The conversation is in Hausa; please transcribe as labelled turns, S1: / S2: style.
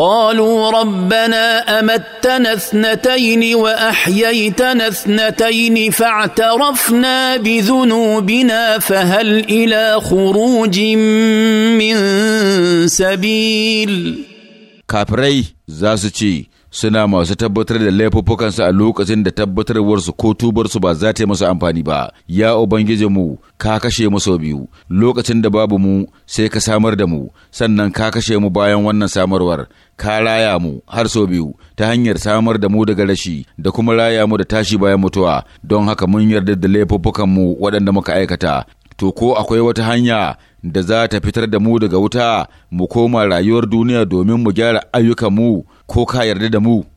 S1: قالوا ربنا امتنا اثنتين واحييتنا اثنتين فاعترفنا بذنوبنا فهل الى خروج من سبيل
S2: كابري زاسچي suna masu tabbatar da laifuffukansu a lokacin da tabbatarwarsu ko tubarsu ba za ta yi musu amfani ba ya mu ka kashe mu sau biyu lokacin da babu mu sai ka samar da mu sannan ka kashe mu bayan wannan samarwar ka raya mu har sau biyu ta hanyar samar da mu daga rashi da kuma raya mu da tashi bayan mutuwa don haka mun yarda da mu waɗanda muka aikata to ko akwai wata hanya da za ta fitar da mu daga wuta mu koma rayuwar duniya domin mu gyara ayyukanmu ko ka yarda da mu